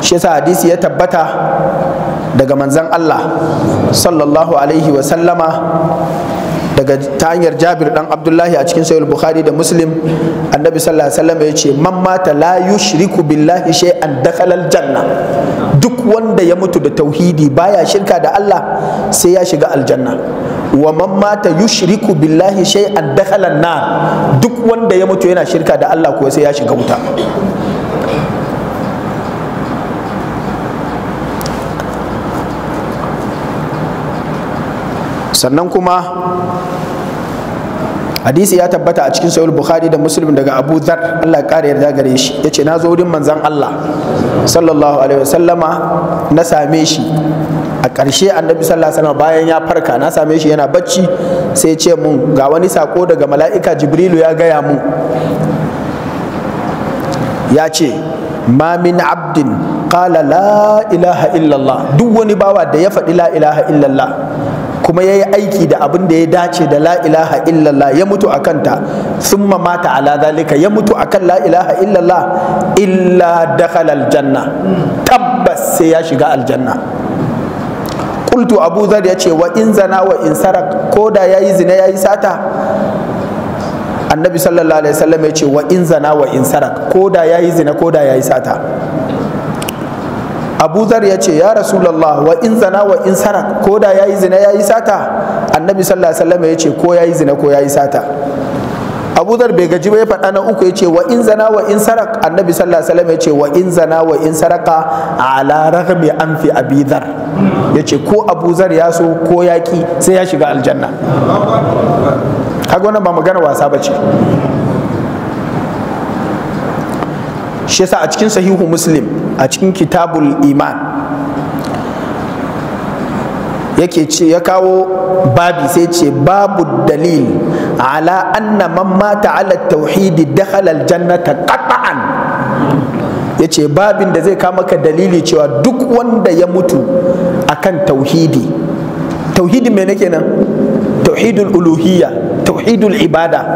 shi yasa hadisi ya tabbata daga manzan Allah sallallahu alaihi wa daga ta hanyar Jabir dan Abdullahi a cikin sahih Bukhari da Muslim annabi sallallahu alaihi wasallam ya ce man mata la yushriku billahi shay'an dakhala janna. duk wanda ya mutu da tauhidi baya shirka da Allah sai ya shiga aljanna wa man mata yushriku billahi shay'an dakhala an duk wanda ya mutu yana shirka da Allah ko sai ya shiga wuta sannan kuma hadisi ya tabbata a cikin sahih bukhari da muslim daga abu dhar Allah ya kare yarda gare shi yace na zo wurin manzon Allah sallallahu alaihi wasallama na same shi a ƙarshe annabi sallallahu alaihi wasallam bayan ya farka na same shi yana bacci sai ce mun ga wani sako daga mala'ika jibrilu ya gaya mu ya ce ma min abdin qala la ilaha illallah duk wani bawa da ya faɗi la ilaha illallah kuma ya yi aiki da abin da ya dace da la ilaha illallah ya mutu a kanta sun mamata ala zalika ya mutu a kan la ilaha illallah illa dakhala aljanna tabbas sai ya shiga aljanna kultu abu zar ya ce wa in zana wa in sarak ko da ya yi zina ya yi sata annabi sallallahu alaihi wasallam ya ce wa in zana wa in sarak ko da ya yi zina ko da ya yi sata abu zar ya ce ya rasulallah wa in zana wa in sarak ko da ya yi zina ya yi sata annabi sallallahu alaihi wasallam ya ce ko ya yi zina ko ya yi sata abu zar bai gaji ba ya faɗa na uku ya ce wa in zana wa in sarak annabi sallallahu alaihi wasallam ya ce wa in zana wa in saraka ala an fi abi zar ya ce ko abu zar ya so ko ya ki sai ya shiga aljanna kaga wannan ba magana wasa ba ce shi yasa a cikin sahihu muslim a cikin kitabul iman yake ce ya kawo babi sai ce babu dalil ala anna man mata ala tauhidi dakhala aljannata qat'an yace babin da zai kama maka dalili cewa duk wanda ya mutu akan tauhidi tauhidi me nake nan tauhidul uluhiyya tauhidul ibada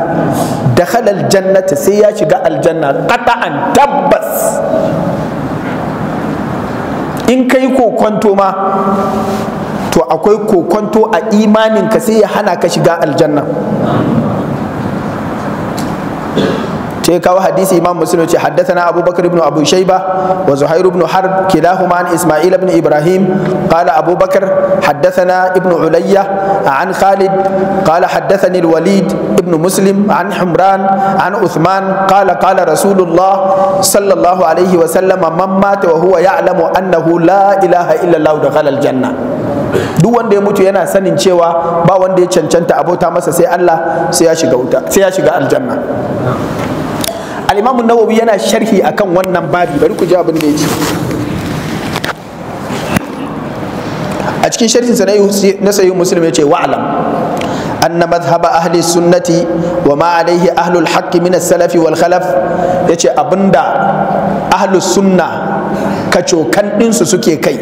da halal jannata sai ya shiga aljanna qata'an tabbas in kai kokonto ma to akwai kokonto a imaninka sai ya hana ka shiga aljanna sai kawo hadisi imam muslim ce haddathana abubakar ibn abu shayba wa zuhair ibn harb kilahuma an isma'il ibn ibrahim qala abubakar haddathana ibn ulayya an khalid qala haddathani al ibn muslim an humran an uthman qala qala rasulullah sallallahu alaihi wa sallam man mata wa huwa ya'lamu annahu la ilaha illa allah dakhala al-janna duk wanda ya mutu yana sanin cewa ba wanda ya cancanta abota masa sai Allah sai ya shiga sai ya shiga aljanna alimamun nawawi yana sharhi akan wannan babi bari ku ji abin da yake a cikin sharhin sa na sayyid muslim yace wa'lam anna madhhab ahli sunnati wa ma alaihi ahlul haqq min as-salafi wal khalaf yace abinda ahlus sunna kacokan ɗinsu suke kai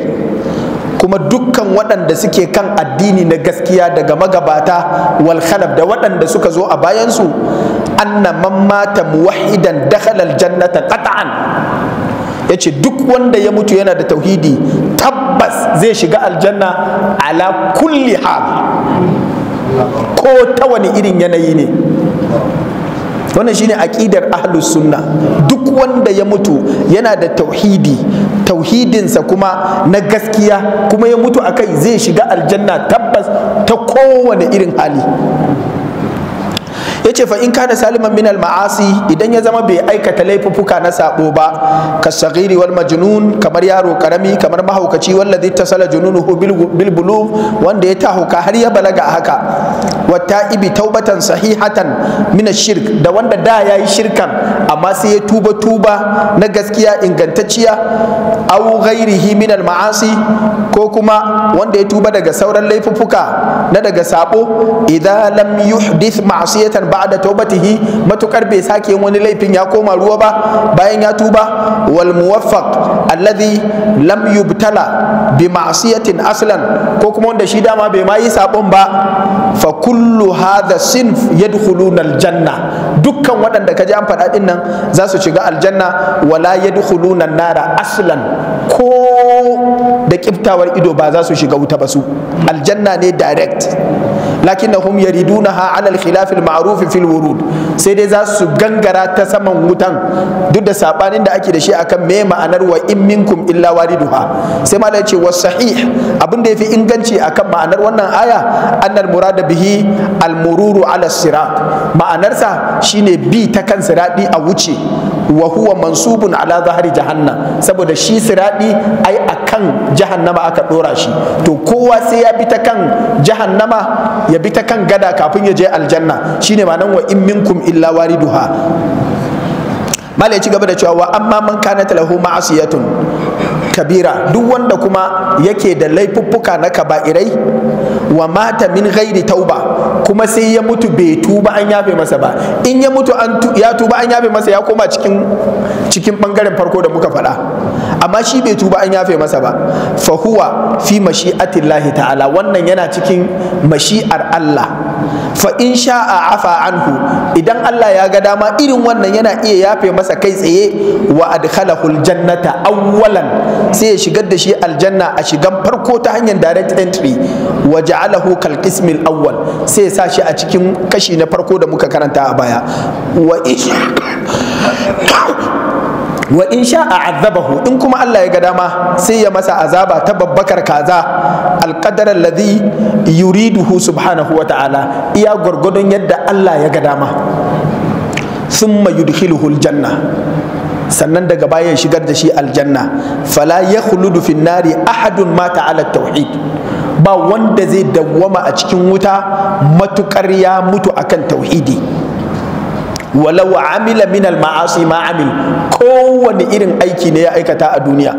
kuma dukkan waɗanda suke kan addini na gaskiya daga magabata wal khalaf da waɗanda suka zo a bayansu anna man mata muwahidan dakhala aljannata qat'an yace duk wanda ya mutu yana da tauhidi tabbas zai shiga aljanna ala kulli hal ko ta wani irin yanayi ne wannan shine aqidar ahlus sunna duk wanda ya mutu yana da tauhidi tauhidinsa kuma na gaskiya kuma ya mutu akai zai shiga aljanna tabbas ta kowane irin hali yace fa in kana saliman min al ma'asi idan ya zama bai aikata laifuka na sabo ba ka saghiri wal majnun kamar yaro karami kamar mahaukaci wallazi tasala jununuhu bil wanda ya tahuka har ya balaga haka wata ibi taubatan sahihatan min shirk da wanda da yayi shirkan amma sai ya tuba tuba na gaskiya ingantacciya au ghairihi min al ma'asi ko kuma wanda ya tuba daga sauran laifuffuka na daga sabo idan lam yuhdith ba da tawbatihi matukar bai sake wani laifin ya koma ruwa ba bayan ya tuba wal muwaffaq alladhi lam yubtala bi ma'siyatin aslan ko kuma wanda shi dama bai ma yi sabon ba fa kullu hadha sinf yadkhuluna al janna dukkan waɗanda ka ji an faɗa ɗin nan za su shiga aljanna wala yadkhuluna nara aslan ko da kiftawar ido ba za su shiga wuta ba su aljanna ne direct lakinnahum na ala al-khilaf al-ma'ruf fi fil wurud sai dai za su gangara ta saman wutan duk da sabanin da ake da shi akan me ma'anar wa in minkum illa sai malai ce was sahih abin da yafi inganci akan ma'anar wannan aya annal murada bihi al-mururu ala sirat ma'anarsa shine bi ta kan siradi a wuce wa huwa mansubun ala zahari jahannam saboda shi siradi ai akan jahannama aka dora shi to kowa sai ya bi ta kan jahannama ya bi ta kan gada kafin ya je aljanna shine nan wa in minkum illa wariduha mal ya ci gaba da cewa wa amma man kana talahu ma'asiyatun kabira duk wanda kuma yake da laifuffuka na kaba'irai wa mata min ghairi tauba kuma sai ya mutu bai tuba an yafe masa ba in ya mutu an ya tuba an yafe masa ya koma cikin cikin bangaren farko da muka faɗa amma shi bai tuba an yafe masa ba fa huwa fi mashi'atillahi ta'ala wannan yana cikin mashi'ar Allah fa in sha'a afa anhu idan Allah ya ga dama irin wannan yana iya yafe masa kai tsaye wa adkhalahul jannata awwalan sai ya shigar da shi aljanna a shigan farko ta hanyar direct entry wa ja'alahu kal qismil awwal sai ya sa shi a cikin kashi na farko da muka karanta a baya wa wa in sha a azabahu in kuma Allah ya ga dama sai ya masa azaba ta babbakar kaza alqadar alladhi yuriduhu subhanahu wa ta'ala iya gurgudun yadda Allah ya ga dama thumma yudkhiluhu aljanna sannan daga bayan shigar da shi aljanna fala yakhludu fi nari ahadun mata ala tauhid ba wanda zai dawwama a cikin wuta matukar ya mutu akan tauhidi walau amila min al-ma'asi ma amil kowane irin aiki ne ya aikata a duniya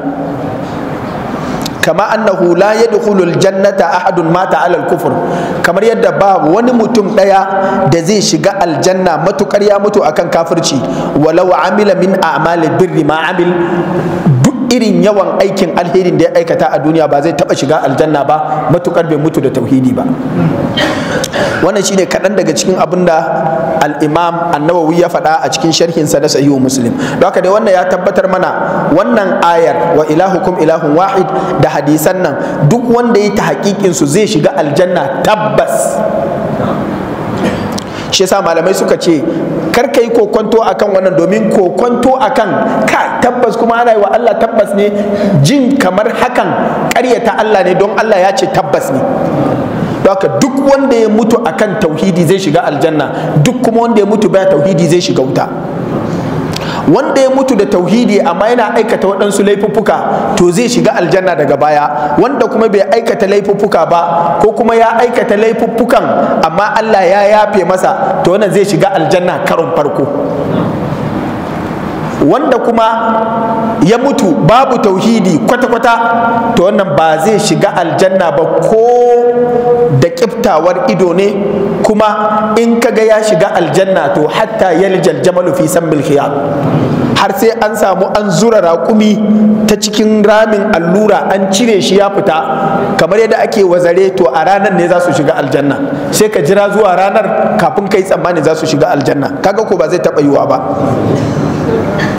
kama annahu la yadkhulu jannata ahadun mata ala kufur, kamar yadda ba wani mutum daya da zai shiga aljanna matukar ya mutu akan kafirci walau amila min a'mali birri ma amil duk irin yawan aikin alherin da ya aikata a duniya ba zai taba shiga aljanna ba matukar bai mutu da tauhidi ba wannan shine kaɗan daga cikin abin da al-imam annawawi ya faɗa a cikin sa na sahihu muslim don haka dai wannan ya tabbatar mana wannan ayar wa ilahukum ilahun wahid da hadisan nan duk wanda ya ta hakikin su zai shiga aljanna tabbas shi yasa malamai suka ce kar ka yi kokonto akan wannan domin kokonto akan ka tabbas kuma ana yi wa Allah tabbas ne jin kamar hakan ƙaryata Allah ne don Allah ya ce tabbas ne haka duk wanda ya mutu akan tauhidi zai shiga aljanna duk kuma wanda ya mutu baya tauhidi zai shiga wuta wanda ya mutu da tauhidi amma yana aikata waɗansu laifuffuka to zai shiga aljanna daga baya wanda kuma bai aikata laifuffuka ba ko kuma ya aikata laifuffukan amma Allah ya yafe masa to wannan zai shiga aljanna karon farko wanda kuma ya mutu babu tauhidi kwata-kwata to wannan ba zai shiga aljanna ba ko kiftawar ido ne kuma in kaga ya shiga aljanna to hatta yaljal jamalu fi sammil khiyam har sai an samu an zura raƙumi ta cikin ramin allura an cire shi ya fita kamar yadda ake wazare to a ranar ne za su shiga aljanna sai ka jira zuwa ranar kafin kai tsammani za su shiga aljanna kaga ko ba zai taɓa yiwa ba